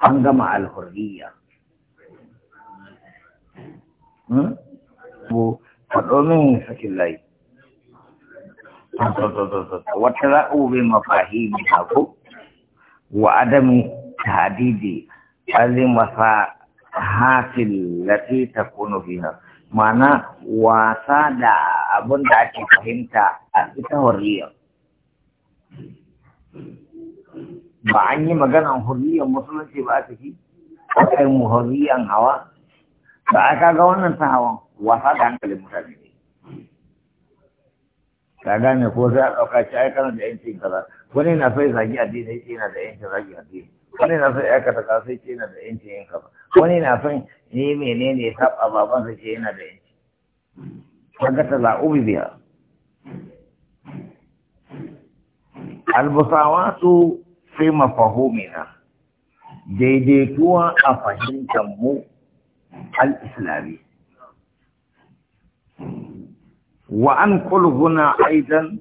حق مع الحرية فالأمين يحكي الله وتلأوا بمفاهيمها وعدم تهديد المفاهات التي تكون فيها معنى وصادع أبن داكي فهمت أبتها الرياض ba an yi maganan hurriyar musulunci ba a ciki kai mu hurriyar hawa ba a kaga wannan ta hawan wasa da hankalin mutane ne ta gane ko sai a ɗauka shi ai kana da yancin kaza wani na sai zagi dina sai yana da yancin zagi a dina wani na son ya ka sai ce yana da yancin yin kaza wani na son ne menene ya saba baban sai ce yana da yancin kaga ta la'ubi biya albusawa su fi mafahumina daidaituwa a fahimtar mu al-islami wa an kulhuna aizan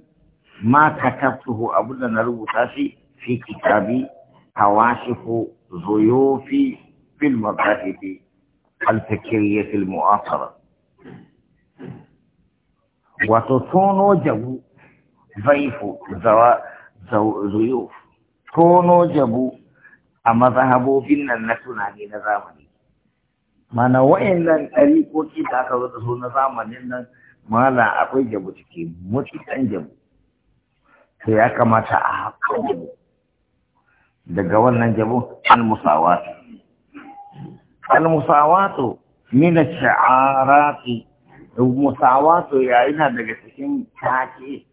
ma katabtuhu abunda na rubuta shi fi kitabi hawashifu zuyofi fil mabahith al-fikriyya fil mu'asara wato tono jabu zaifu zawa zuyofi tono jabu a mazahabobin nan na tunani na zamani mana wa'annan ɗariƙoƙi da aka zo da na zamanin nan mana akwai jabu ciki mutukan jabu Sai ya kamata a haƙa jabu daga wannan jabu almusawatu almusawatu al-musawatu min shaarati musawatu ya ina daga cikin take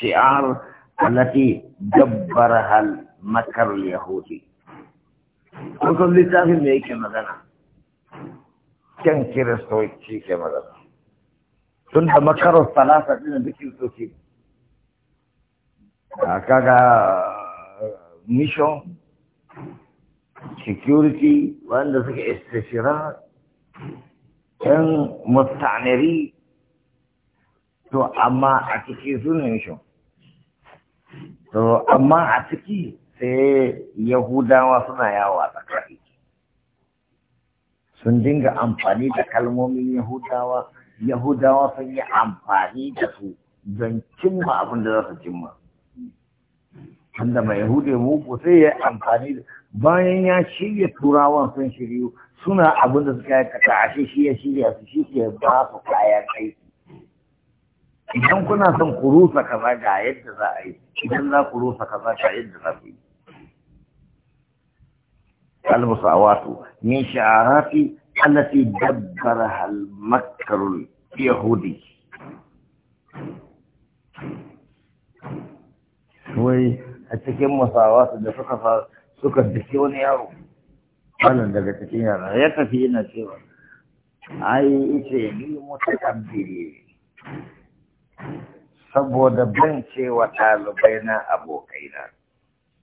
shi'ar allati dabbar hal makar yahudi kusan littafin da yake magana kyan kiristoci ke magana tun da makarar salasa ɗin da kiristoci kaga mission security wanda suka istishira yan mutaneri to amma a cikin suna mission to amma a ciki sai yahudawa suna yawo a tsakari sun dinga amfani da kalmomin yahudawa yahudawa sun yi amfani da su don cimma abin da za su cimma wanda mai hude muku sai ya amfani da bayan ya shirya turawan sun shiryu suna abin da suka aikata a shi ya shirya su shi ke ba su kayan aiki idan kuna son ku rusa kaza ga yadda za a yi idan za ku rusa kaza ga yadda za ku yi المساواه من شعارات التي دبرها المكر اليهودي وي اتكلم مساواه ده فقط سوق الدكتور يا رو انا ده بتكلم يا ريت في هنا شيء اي شيء لي متكبر سبو ده بين شيء وتعالوا بين ابو كيران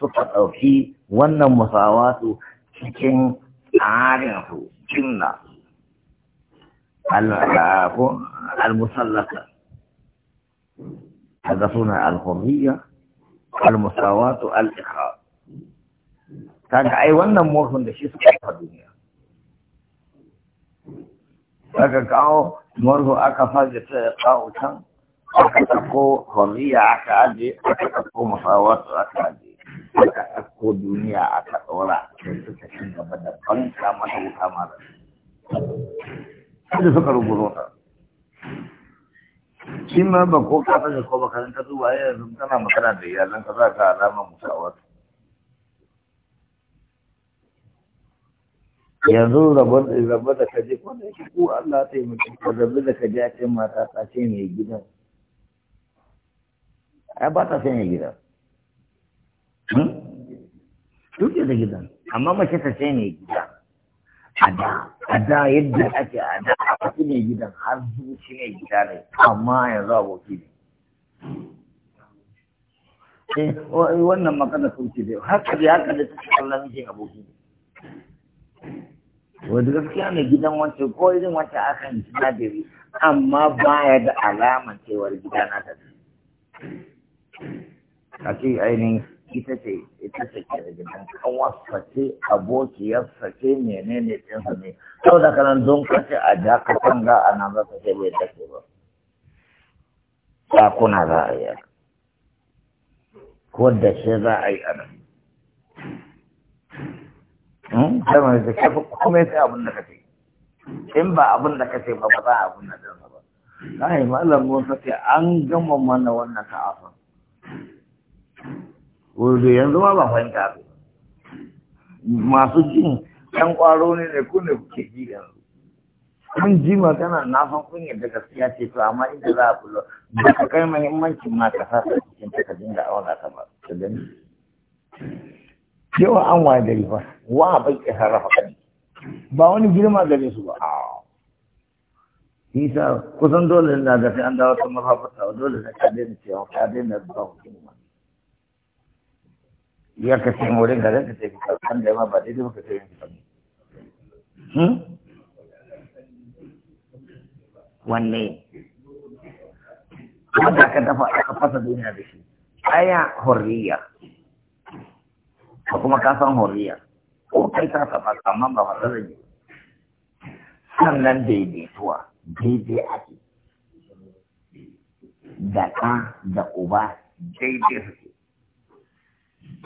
suka ɗauki wannan musawatu cikin tsarinsu cinna al-musallata kaga suna al-hurriya al-musawatu al ta ga ai wannan morfin da shi suka kafa duniya aka kawo morfin aka fage ta kawo can aka tafi hurriya aka aje aka ɗauko musawatu aka aje aka ɗauko duniya aka ɗora sai suka ci gaba da banka mata wuta mara da suka rubuto ta shi ma ba ko ka sanya ko makaranta zuwa yanzu tana magana da iyalan ka za ka alama musawar yanzu rabon rabu da kaje ko ne yake ku Allah ta yi mutum ko rabu da kaje a ce mata ta ce mai gidan ai ba ta sanya gidan Hmm? duk da gidan amma mace ta sai ne gida a da a da yadda ake a da a wasu ne gidan har zuci ne gida ne amma yanzu aboki ne eh, eh, wannan magana sun ce dai haka da haka da take kallon mijin aboki ne Wadda gaskiya ne gidan wancan ko irin wancan akan gina dare amma baya da alaman cewar gida na ta a ce ainihin ita ce ita ce ke da gidan kawarsa sace, abokiyar sace, menene ɗinsa ne sau da kanan don kace a ja ka tanga a nan za ta bai take ba ɗakuna za a yi ko da shi za a yi a nan hmm? sama da kafa komai sai abin da kace in ba abin da kace ba ba za a abin da ɗinsa ba ai malam mun sace an gama mana wannan ta'afin wanda yanzu ma ba fahimta ba, masu jin ɗan ƙwaro ne da ku ne kuke ji yanzu kun ji magana na san kun yadda gaskiya ce to amma inda za a bulo ba ka kai muhimmancin ma ka sasa cikin takardun ka dinga ka ba ka gani yawa an waye gari fa wa bai ke sarrafa kani ba wani girma gare su ba Isa kusan dole na gafi an dawo ta mafafa dole na ka na cewa ka na zuwa hukumar ya ka ce wurin da zan ka ce kan da ma ba daidai ba ka ce yin hmm? wanne wanda ka dafa aka fasa duniya da shi aya hurriya kuma ka san hurriya ko kai ka saba amma ba wata zan yi sannan daidaituwa daidai ake da ɗa da uba daidai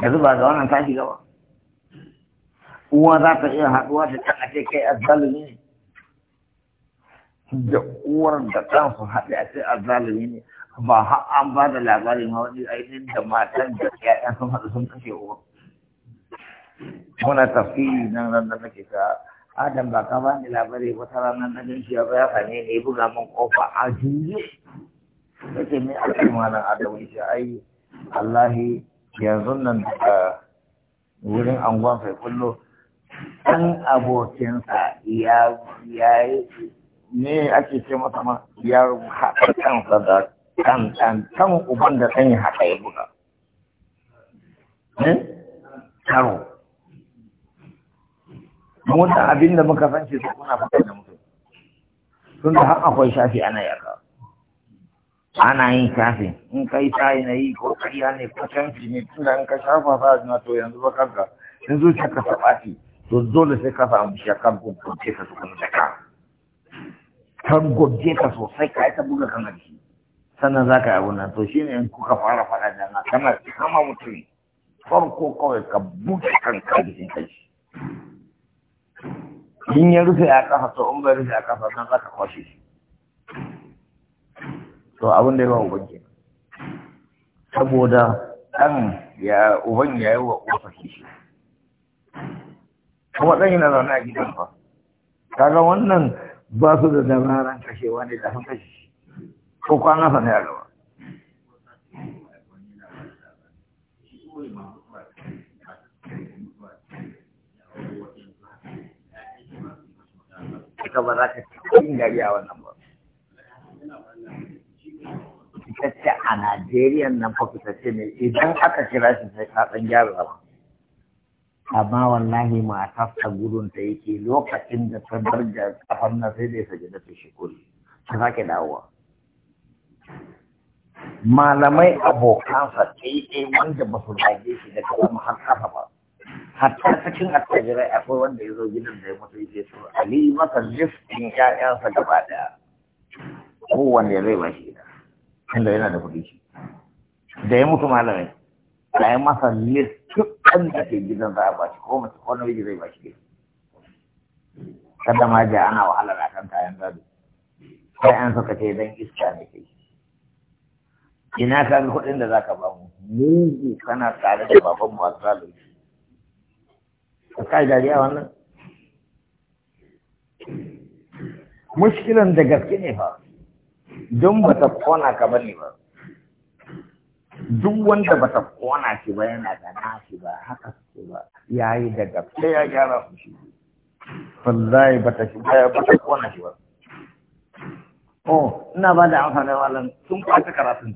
da zuba ga wannan tashi gaba uwa za ta iya haɗuwa da can a kai azzalumi ne da uwar da ɗan su haɗe a ce azzalumi ne ba har an ba da labarin ma wani ainihin da matan da ƴaƴan sun haɗu sun kashe uwa muna tafsiri nan nan da nake ka Adam ba ka bani labari wata ranar na ganci ya ba ya ne buga min kofa a juye yake me aka mana Adam ya ai wallahi yanzu nan daga wurin angon fai kullo ɗan abokinsa ya yi ne ake ce masa ma ya haɗa kansa da kan ɗan kan uban da ɗan haka ya buga karo hmm? mun abin da muka san shi su kuna fata da mutum sun da har akwai shafi ana yaka ana yin kafin in kai sayi na yi ko kariya ne ko canfi ne tunda in ka shafa sa na to yanzu ba kanka in zuciya ka saba ce to dole sai ka samu kan gobe ka su kuma daka kan gobe ka sosai ka yi ta buga kan aji sannan za ka yi abunan to shi ne in kuka fara faɗa da na kana kama mutum farko kawai ka buga kan kajin kai in ya rufe a kafa to in bai rufe a kafa nan za ka kwashe shi to abin da ya ba uban saboda ɗan ya uban ya yi wa ƙofa shi kuma ɗan yana zaune a gidan fa kaga wannan ba su da dabaran kashewa ne da sun kashe shi ko kwana sa ne a gaba ka ba za ka cikin gari a wannan fitacce a Najeriya nan fa fitacce ne idan aka kira shi sai ka san gyara amma wallahi ta gudun ta yake lokacin da ta bar da kafan na sai dai ta da kuri. ta sake dawowa malamai abokansa ɗaya wanda ba su rage shi da kafan har kafa ba hatta cikin attajirai akwai wanda ya zo gidan da ya mutu yake so ali masa liftin ƴaƴansa gaba ɗaya Kowane zai ba shi da inda yana da kuɗi shi da ya mutu malamai da ya masa lis tukkan da ke gidan za a ba shi ko mace ko namiji zai ba shi gidan kada ma ja ana wahala na kan kayan gado sai an suka ce dan iska ne kai ina ka ga kuɗin da za ka ba mu mugu kana tare da baban mu a zalunci ka kai dariya wannan mushkilan da gaske ne fa don ba ta kona ka bane ba duk wanda ba ta kona shi ba yana da nashi ba haka su ba ya yi da gaske ya gyara su shi wallahi ba ta shiga ba ta kona shi ba o oh, ina ba da amfani malam sun kwata karatun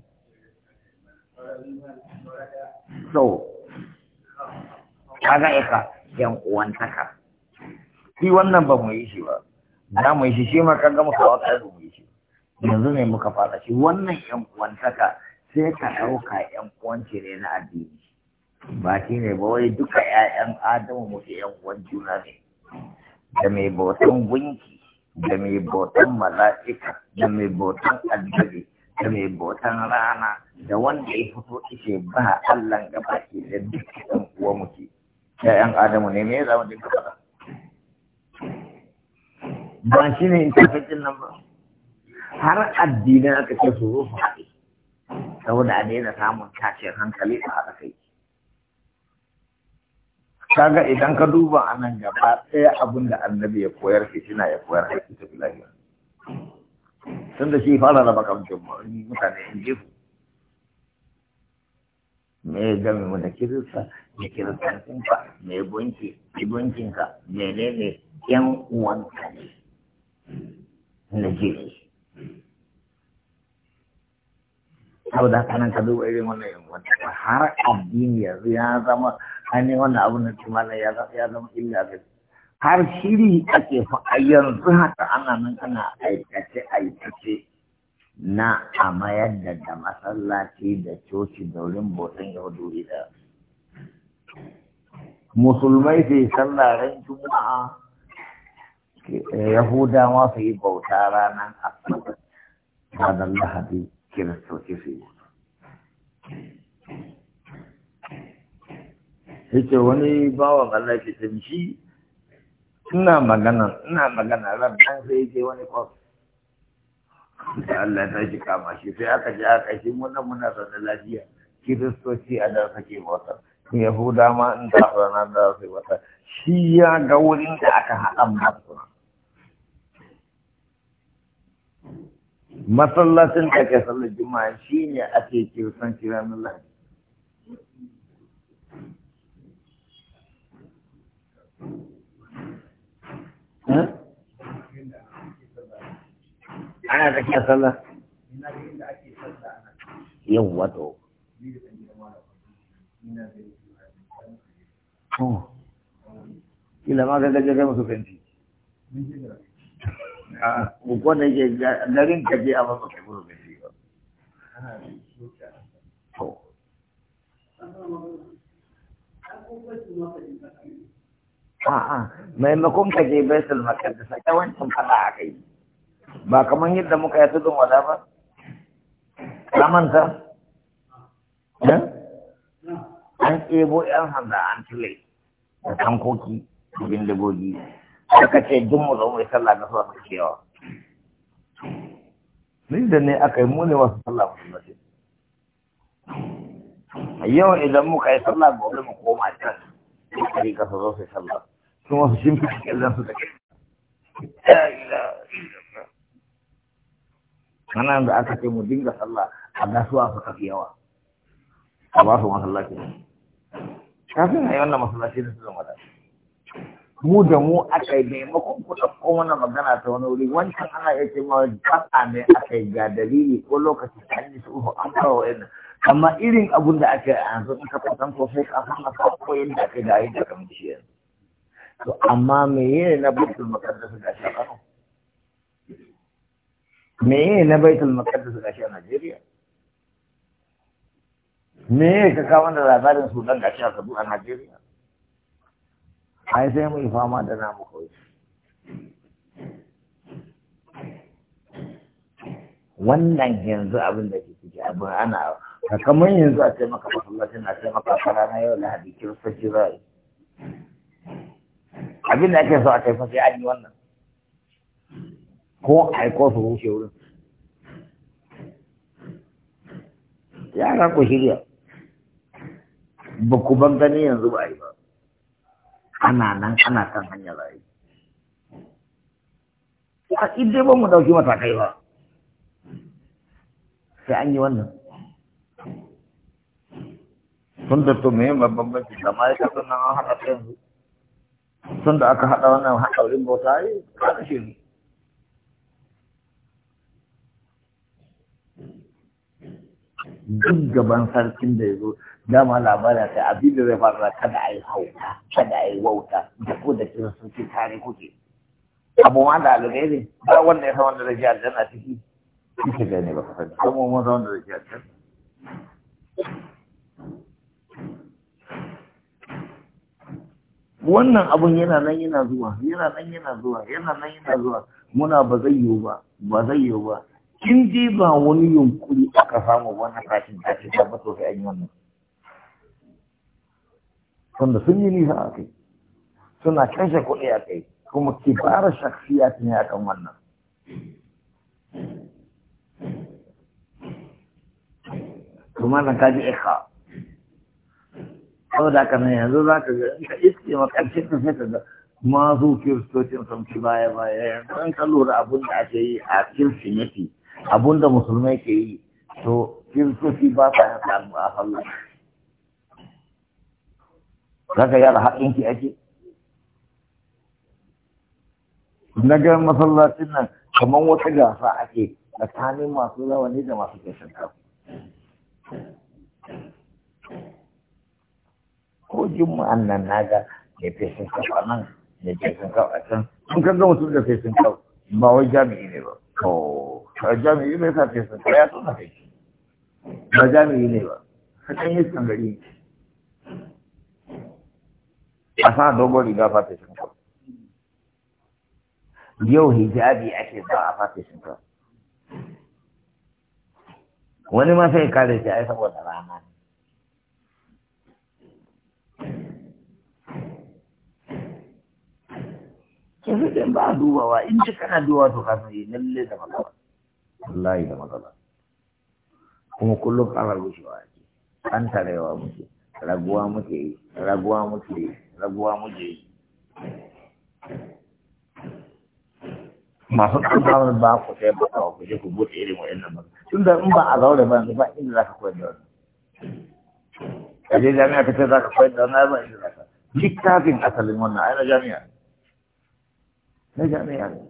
so ga ika yan uwan taka shi wannan ba mu yi shi ba za mu yi shi shi ma kaga mu kawo kai mu yi shi yanzu ne muka fara shi wannan yan uwantaka sai ka ɗauka yan uwanci ne na addini ba shi ne ba wai duka ƴaƴan adamu muke yan uwan juna ne da mai bautan gunki da mai bautan mala'ika da mai bautan addini da mai bautan rana da wanda ya fito ishe ba Allah gaba ke da duk yan uwa muke ƴaƴan adamu ne me ya zama dinka faɗa ba shi ne in tafi nan ba har addinin aka ce su zo su haɗe saboda a daina samun tashin hankali a haɗa kai kaga idan ka duba a nan gaba ɗaya abin da annabi ya koyar fitina ya koyar haƙƙi ta filayya tun da shi fara raba kamcin mutane in jefu me ya gami mu da kirista da kiristancinka me gunki gunkinka menene yan uwanka ne na jini saboda haka nan ka duba irin wannan yankunan har addini yanzu ya zama ainihin wannan abin da kimanin ya zama illa ga har shiri ake fa yanzu haka ana nan ana aikace aikace na a mayar da da masallaci da coci da wurin bautan yahudu da musulmai su yi sallaren juma'a yahudawa su yi bauta ranar asabar ranar lahadi kiristoci su yi yace wani bawan Allah ke shi ina magana ina magana ran dan sai yake wani kwas da Allah shi kama shi sai aka ji aka shi wannan muna da lafiya kiristoci a da suke wata yahuda ma in ta rana da su wata shi ya ga wurin da aka haɗa masu masallacin da ke sallar juma'a shi ne ake kirtan kiranin lahadi ana tsakiyar sallah yawwa to kila ma ga gajajen musu fenti a ko da ke garin ka je a ba ka guru da shi a'a maimakon ka je baitul maqdis ta wancan fada a kai ba kamar yadda muka yi tudun wada ba ka manta eh? an ɗebo 'yan sanda an tule da tankoki da bindigogi aka ce duk mu zo sallah na sallah mu kewa ni da ne aka yi muni masu wasu sallah mu A yau idan muka yi sallah gobe mu koma can sai kari kasa zo su sallah su wasu shi fi zan su take. ke da aka ce mu dinga sallah a gasuwa su kafi yawa a ba su masallaci kafin a yi wannan masallaci da su zama da su mu da mu aka yi maimakon ku ɗauko mana magana ta wani wuri wancan ana iya ce ma fasa ne a kai ga dalili ko lokaci an yi su an kawo yana amma irin abun da aka yi a yanzu in ka fasan ko sai ka san ka ko yadda aka da yadda ka yanzu to amma me yene na baitul maqaddas ga shi a me yene na baitul maqaddas ga shi a Najeriya me ka kawo da labarin Sudan ga shi a Najeriya ai sai mu yi fama da namu kawai wannan yanzu abin da ke ciki abin ana kamar yanzu a taimaka masallacin na taimaka fara na yau lahadi kiristoci rai abin da ake so a taifa sai an yi wannan ko a yi kofa wuce wurin yara ku shirya ba ku ban gani yanzu ba a yi ba ana nan ana kan hanyar rayu a idai ba mu dauki matakai ba sai an yi wannan tun da to mai babban banki kama ya tafi nan an haɗa ta yanzu tun da aka haɗa wannan haɗaurin bauta yi kada shi duk gaban sarkin da ya zo dama labarin sai abin da zai fara kada a yi hauta kada a yi wauta da ko da kira sarki tare kuke abu ma da alugai ne ba wanda ya san wanda zai ji aljanna ciki kike ne ba ka fadi kuma mun san wanda zai a aljanna wannan abun yana nan yana zuwa yana nan yana zuwa yana nan yana zuwa muna ba zai yiwu ba ba zai yiwu ba in dai ba wani yunkuri aka samu wannan tashin tashi ta ba sosai an yi wannan tunda sun yi nisa a kai suna kashe kuɗi a kai kuma kibarar shaksiya ne a kan wannan kuma na kaji ikha saboda haka nan yanzu za ka ga ka iske makarci ka sai ka ga masu kiristocin sun ci baya baya yanzu an ka lura abin da ake yi a kirsimeti abunda musulmai ke yi to kiristoci ba sa yin samu a sallah zaka ka yara haƙinki ake na ga masallacin nan kamar wata gasa ake tsakanin masu rawani da masu kashin ka ko juma'an nan na ga mai fesin kafu a nan mai fesin kafu a can sun kan ga mutum da fesin kafu ba wai jami'i ne ba kawo to jami'i bai sa ce sun ya tona kai ba jami'i ne ba hakan yi san gari a sa dogon riga fata shinkafa yau hijabi ake sa a fata shinkafa wani ma sai kare shi ai saboda rana ke fitin ba dubawa in ji kana duba to kasan yi eh, lalle da makawa wallahi da matsala kuma kullum ƙara rushewa ake an tarewa muke raguwa muke yi raguwa muke yi raguwa muke yi masu ƙarfafar ba ku sai ba kawo ku je ku buɗe irin wa'annan ba tun da in ba a zaure ba yanzu ba inda za ka koyar da wani kaje jami'a ka ce za ka koyar da wani ba inda za ka littafin asalin wannan ai na jami'a na jami'a ne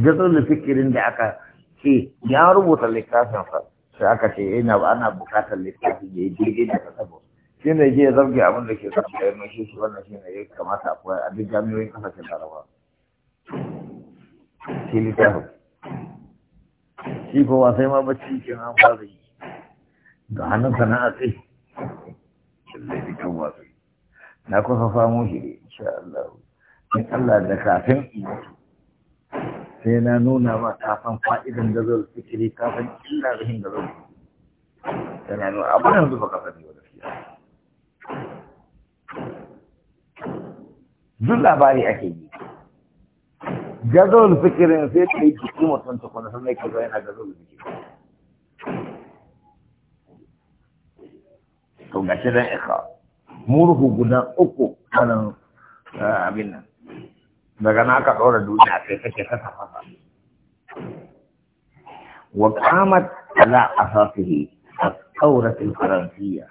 jazar da fikirin da aka ce ya rubuta littafinsa sai aka ce yana eh, ana bukatar littafi ya yi daidai da ba shi ne ya zarge abin da ke samun da mai shi wannan shi ne ya kamata a koyar a duk jami'oyin kasashen larabawa shi littafin shi kowa sai ma ci ke an fara yi ga hannun sana'a sai lallai da kan wasu na kusa samun shi insha Allah in Allah da kafin in mutu sai na nuna ma san fa'idan da zai fikiri kafin illa zahin da zai yana nuna abu da yanzu baka sani wa gaskiya duk labari ake yi gazon fikirin sai ta yi jiki mutum ta kwana sannan ka zai na gazawar jiki. to ga shi dan ikha murhu guda uku kanan eh, abin nan daga na aka ɗora duniya sai take ta tafasa wa qamat ala asasihi al-qawrat al-faransiyya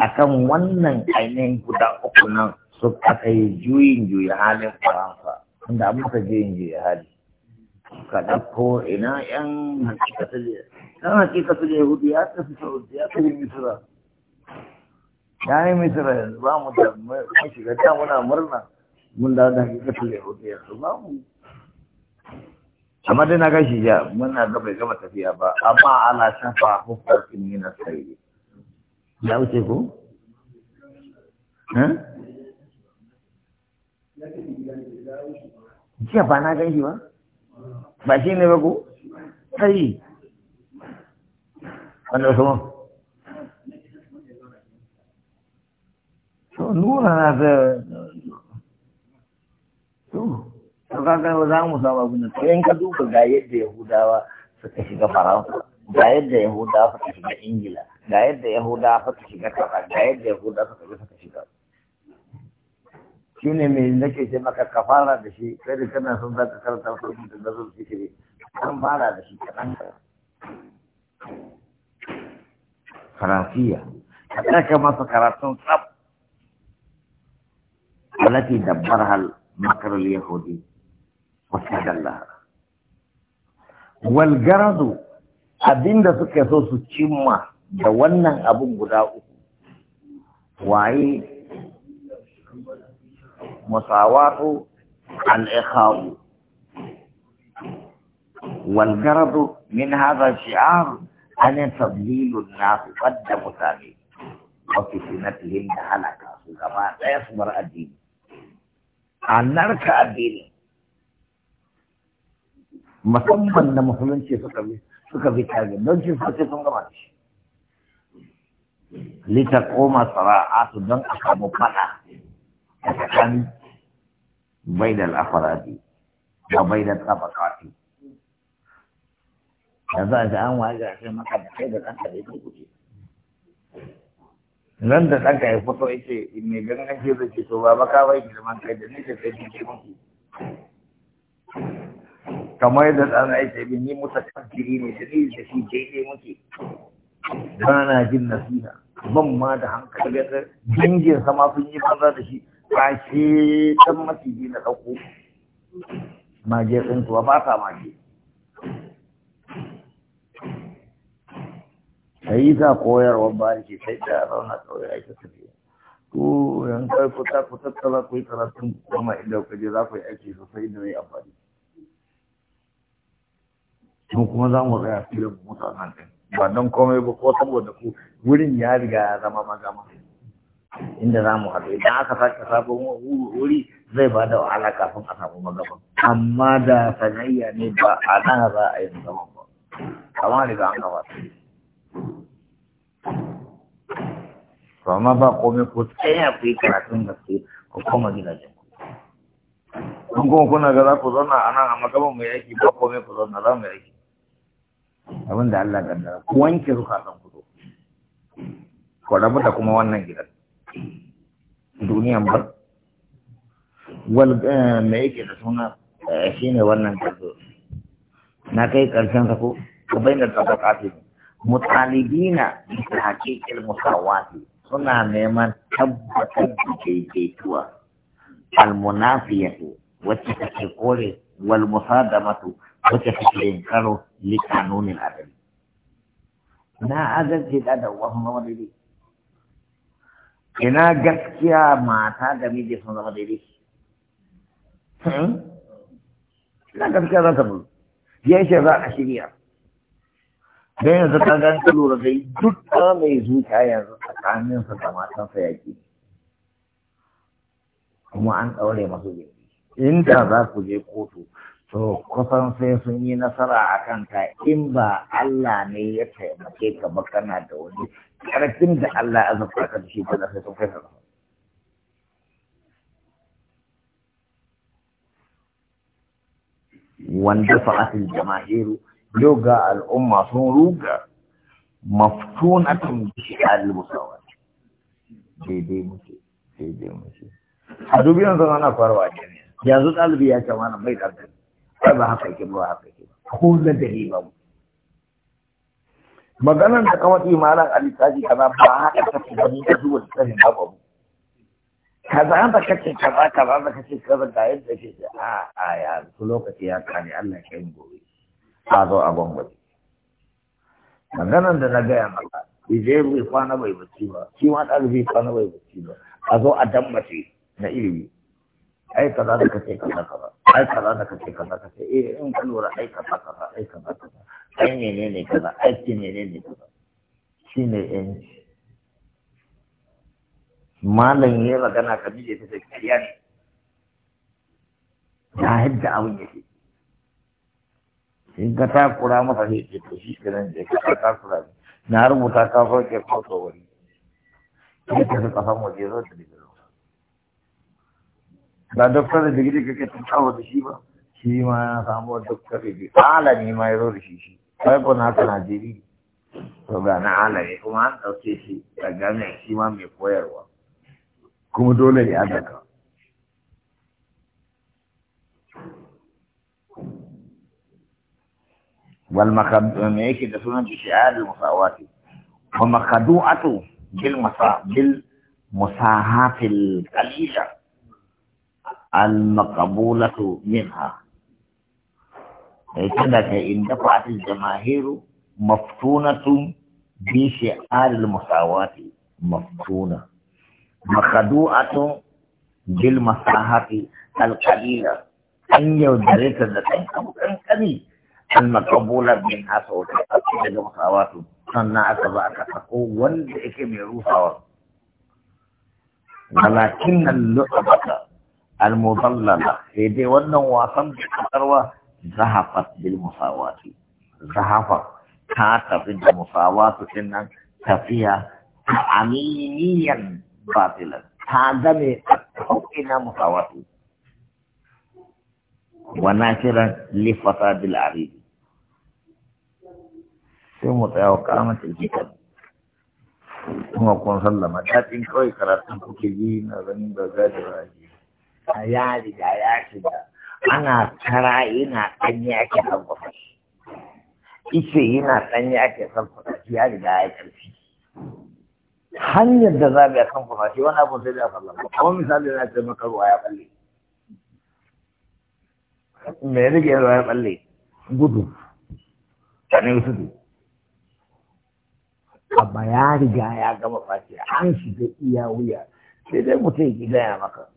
akan wannan ainihin guda uku nan su aka yi juyin juya halin faransa inda an masa juyin juya hali ka ɗauko ina yan hakikatul yan hakikatul yahudi ya tafi saudi ya tafi misira ya yi misira yanzu ba mu da mashiga ta muna murna mun da da ga kalle hudiya su ba mu amma dai na gashi ja muna da bai gama tafiya ba amma ana shafa hukkar kin na sai ya wuce ko eh jiya ba na gan ba ba shi ne ba ko sai wanda kuma So, nuna na da to kaga za mu samu abin da in ka duba ga yadda yahudawa suka shiga faransa ga yadda yahudawa suka shiga ingila ga yadda yahudawa suka shiga kaza ga yadda yahudawa suka shiga suka shiga shi ne mai nake ce maka ka fara da shi kai da kana son za ka karanta su da nazar fikiri an fara da shi kaɗan faransiya ka ɗaka masa karatun tsab alati dabbar hal مكر اليهودي وكذا الله والغرض abin da suke so su cimma da wannan abun guda uku waye musawatu al’ikhawu walgarado min haza shi'ar an yi tablilun nasu kadda mutane a fitinatihin da halaka su gaba ɗaya su bar addini a narka addini musamman da musulunci suka bi suka bi tage don shi sun gama shi lita koma su don a samu fada a bai da afaradi da da tabakati yanzu a ji an waje a kai maka da kai da ɗan da ya kuce nan da ɗanka ya fito in mai ganin ke zai ce to ba ka bai girman kai da nake sai ni ke muku kamar yadda ɗana yake bi ni musa kafiri ne da ni da shi daidai muke ba na jin nasiha ban ma da hankali da dangin sama sun yi banza da shi ba shi ɗan maciji na ɗauko mage tsintuwa ba sa mage sai ba koyarwar ke sai da rauna kawai ta biyu. ko yan kai ku ta ku tattala ku yi karatun kuma idan ku je za ku yi aiki sosai da mai amfani mu kuma za mu tsaya filin mutanen ɗin ba don komai ba ko saboda ku wurin ya riga ya zama magama inda za mu haɗu idan aka sake sabon wuri zai ba da wahala kafin a samu magaban amma da sanayya ne ba a nan za a yi zama ba kamar da an gabata ma ba komai ku tsaya ku yi karatun gaske ku koma gidajen ku. Kun kuma kuna ga za ku zauna a nan a magaban mai aiki ba komai ku zauna za mu aiki. Abin da Allah gandara ku wanke zukatan ku zo. Ku rabu da kuma wannan gidan. Duniyan ba. Wal eh, mai yake da suna eh, shi ne wannan kallo. Na kai ƙarshen Ka ko ku bayyana tsakakafi ne. mutalibina da haƙiƙin musawati suna neman tabbatar da daidaituwa almunafiyatu wacce take kore wal musadamatu wacce take yin karo li kanunin adali na adalci da da wasu zama daidai ina gaskiya mata da miji sun zama daidai na gaskiya za ta bulu ya ce za a shirya don yanzu ta gan ka lura da duk ta mai zuciya yanzu tsakaninsa da matansa yaƙi kuma an ɗaure masu gindi inda za ku je kotu to kusan sai sun yi nasara a kanka in ba Allah ne ya taimake ka ba kana da wani ƙarfin da Allah ya zafa ka da shi ba sai sun kai wanda fa'atul jama'iru yau al'umma sun ruga maftunatun bi al-musawat daidai muke daidai muke a dubiyan yanzu ana farawa ne yanzu ɗalibi ya ce mana mai ɗalibi sai ba haka ke ba haka ke ko na dare ba mu maganar da kawai imanan alisaji kaza ba haka ta fi gani da zuwa ta tsarin babu kaza da kace kaza kaza da kace kaza ga yadda ke a a ya lokaci ya kani Allah ya kai gobe a zo a gwangwaje maganan da na gaya maka ije bai kwana bai bacci ba shi ma bai kwana bai bacci ba a zo a dammace na ilimi ai kaza da kace ka kaza ai kaza da kace ka ce eh in ka lura ai kaza kaza ai ka kaza ai menene za ai ki menene Shi ne yanci malam ya magana ka bije ta ce ya ne ya hidda abin yake in ka takura masa sai ke to shi nan je ka takura na rubuta ka farke ko to wani ke ka mu je zuwa da gidan da doktor da digiri kake tsawo da shi ba shi ma ya samu doktor da ni ma ya zo da shi shi kai ko na kana jiri to ga na ne kuma an dauke shi daga ne shi ma mai koyarwa kuma dole ne a daka والمخد ما ده شعار المساواة ومخدوعة بالمسا بالمساهات القليلة المقبولة منها كده إن دفعت الجماهير مفتونة بشعار المساواة مفتونة مخدوعة بالمساهات القليلة أن يودريت ذلك أبو كان قليل al-maqbula min asawta daga musawatu sannan aka ba aka sako wanda yake mai rufawa walakin al-lu'bata al-mudallala sai dai wannan wasan da karwa zahafat bil musawati zahafa ta tafi da musawatu din tafiya ta aminiyan batilan ta game a ko'ina musawatu Wa li fasadil arid sai mu tsaya wa karamatar jika kuma kun sallama daɗin kawai karatun kuke yi na zanen da za da raji a ya riga ya shiga ana tara yana ɗanyi ake sarfafa shi ice yana ɗanyi ake sarfafa shi ya riga ya ƙarfi hanyar da za a biya sarfafa shi wani abun sai da sallama kuma misali na ce maka ruwa ya ɓalle Mai rike ya ya tsalle gudu sanin gudu amma ya riga ya gama fashi an shiga iya wuya sai dai mutum gida ya maka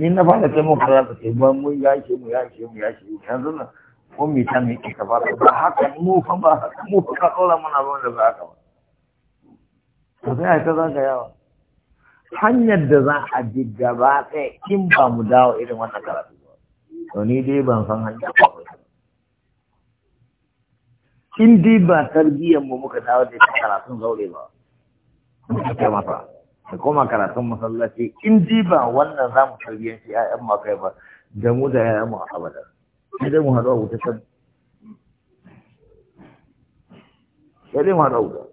ni na fara sai muka za ta ce ba mun yashe mu yashe mu yashe mu yanzu na ummi ta mai ke kafa ba haka mu fa ba haka mu fa ka tsora muna ba wanda ba haka ba to sai ta zaga yawa hanyar da za a bi gaba ɗaya kin ba mu dawo irin wannan karatu to ni dai ban san hanya ba in dai ba tarbiyyar mu muka dawo da ita karatun zaure ba muka kai masa da koma karatun masallaci in dai ba wannan za mu tarbiyyar shi ayyan ma kai ba da mu da ayyan mu abada Idan mu haɗu a wuta can sai mu haɗu a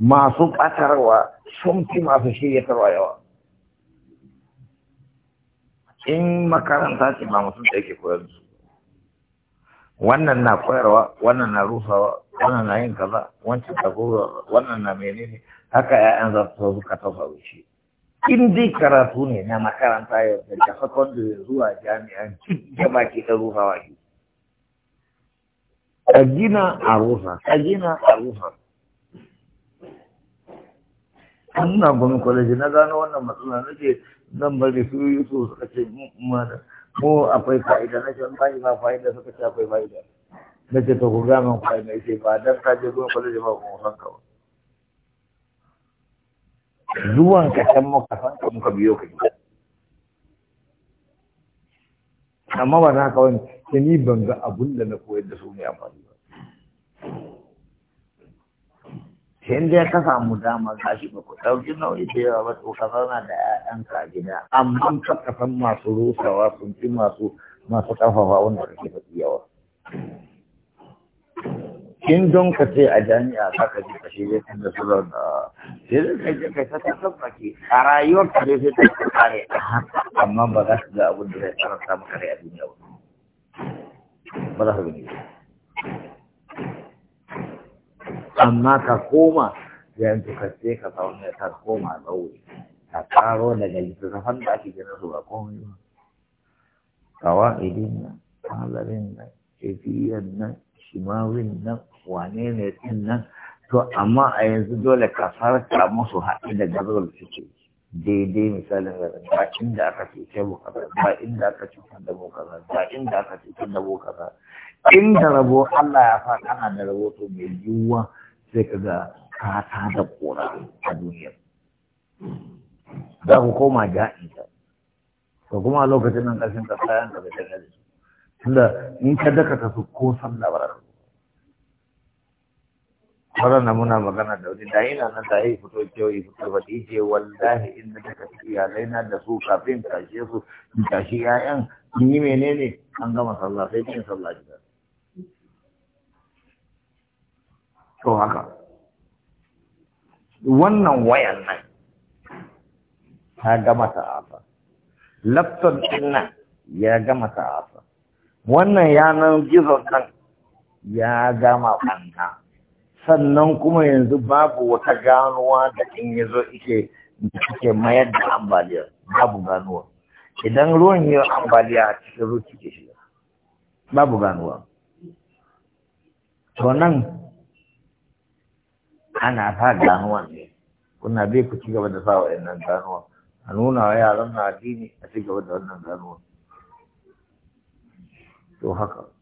masu ɓatarwa sun fi masu shiryatarwa yawa in makaranta ce ba mutum da yake koyar da su wannan na koyarwa wannan na rufawa, wannan na yin kaza wancan ta goro wannan na menene haka ƴaƴan za su ka tafa shi in dai karatu ne na makaranta yau daga secondary zuwa jami'an cikin baki da rufawa shi ka gina a rufa ka gina a rufa an nuna gwamnati kwaleji na gano wannan matsala na ce nan bari su yi su suka ce mana mu akwai fa'ida na shan bayi ma fa'ida suka ce akwai fa'ida na ce ta ku gamin fa'ida ya ce ba dan ka je zuwa kwallo da ba mu san ka ba zuwan ka san muka san ka muka biyo ka gida amma ba na kawai ta ni ban ga abun da na koyar da su ne amfani ba sai dai ka samu dama ga shi ba ku ɗauki nauyi da yawa ba to ka zauna da ƴaƴanka ka gida amma ka kasan masu rusawa sun fi masu masu ƙarfafa wanda kake faɗi yawa in don ka ce a jami'a za ka ji kashe zai kan da sura da sai da kai kai ta ta tabbaki a rayuwar ka dai sai ta kare amma ba za ka ga abin da zai karanta maka rai a duniya ba ba za ka gani amma ka koma yanzu ka ce ka zaune ka koma zaure ka karo daga littattafan da ake gina su ba komai ba idin nan halarin nan kefiyan nan shimawin nan wane ne din nan to amma a yanzu dole ka farka musu haɗi da gazar da suke daidai misalin gazar ba inda aka cuce mu kaza ba inda aka cutar da mu kaza ba inda aka cutar da mu kaza inda rabo Allah ya fa kana da rabo to mai yiwuwa sai ka ga kata da kora a duniya za ku koma ta. to kuma lokacin nan ƙarshen ka sayan ka bai tafiya da tunda in ka daka ta su ko san labarar Kwarar na muna magana da wani da ina nan da ya fito cewa ya fito ba ce wallahi inda ta kashi iyalai na da su kafin kashe su kashe 'ya'yan in yi menene an gama sallah sai cin sallah gida. to haka wannan wayan nan ta gama ta'afa laptop din nan ya gama ta'afa wannan yanar gizon kan ya gama kanta sannan kuma yanzu babu wata ganuwa da in ya zo ike ke mayar da ambaliya babu ganuwa idan ruwan yi ambaliya a cikin ruwa ke shiga babu ganuwa to nan ana ta ganuwan ne kuna bai ku ci gaba da sa wa'annan ganuwan a nuna wa yaran na addini a ci gaba da wannan ganuwan to haka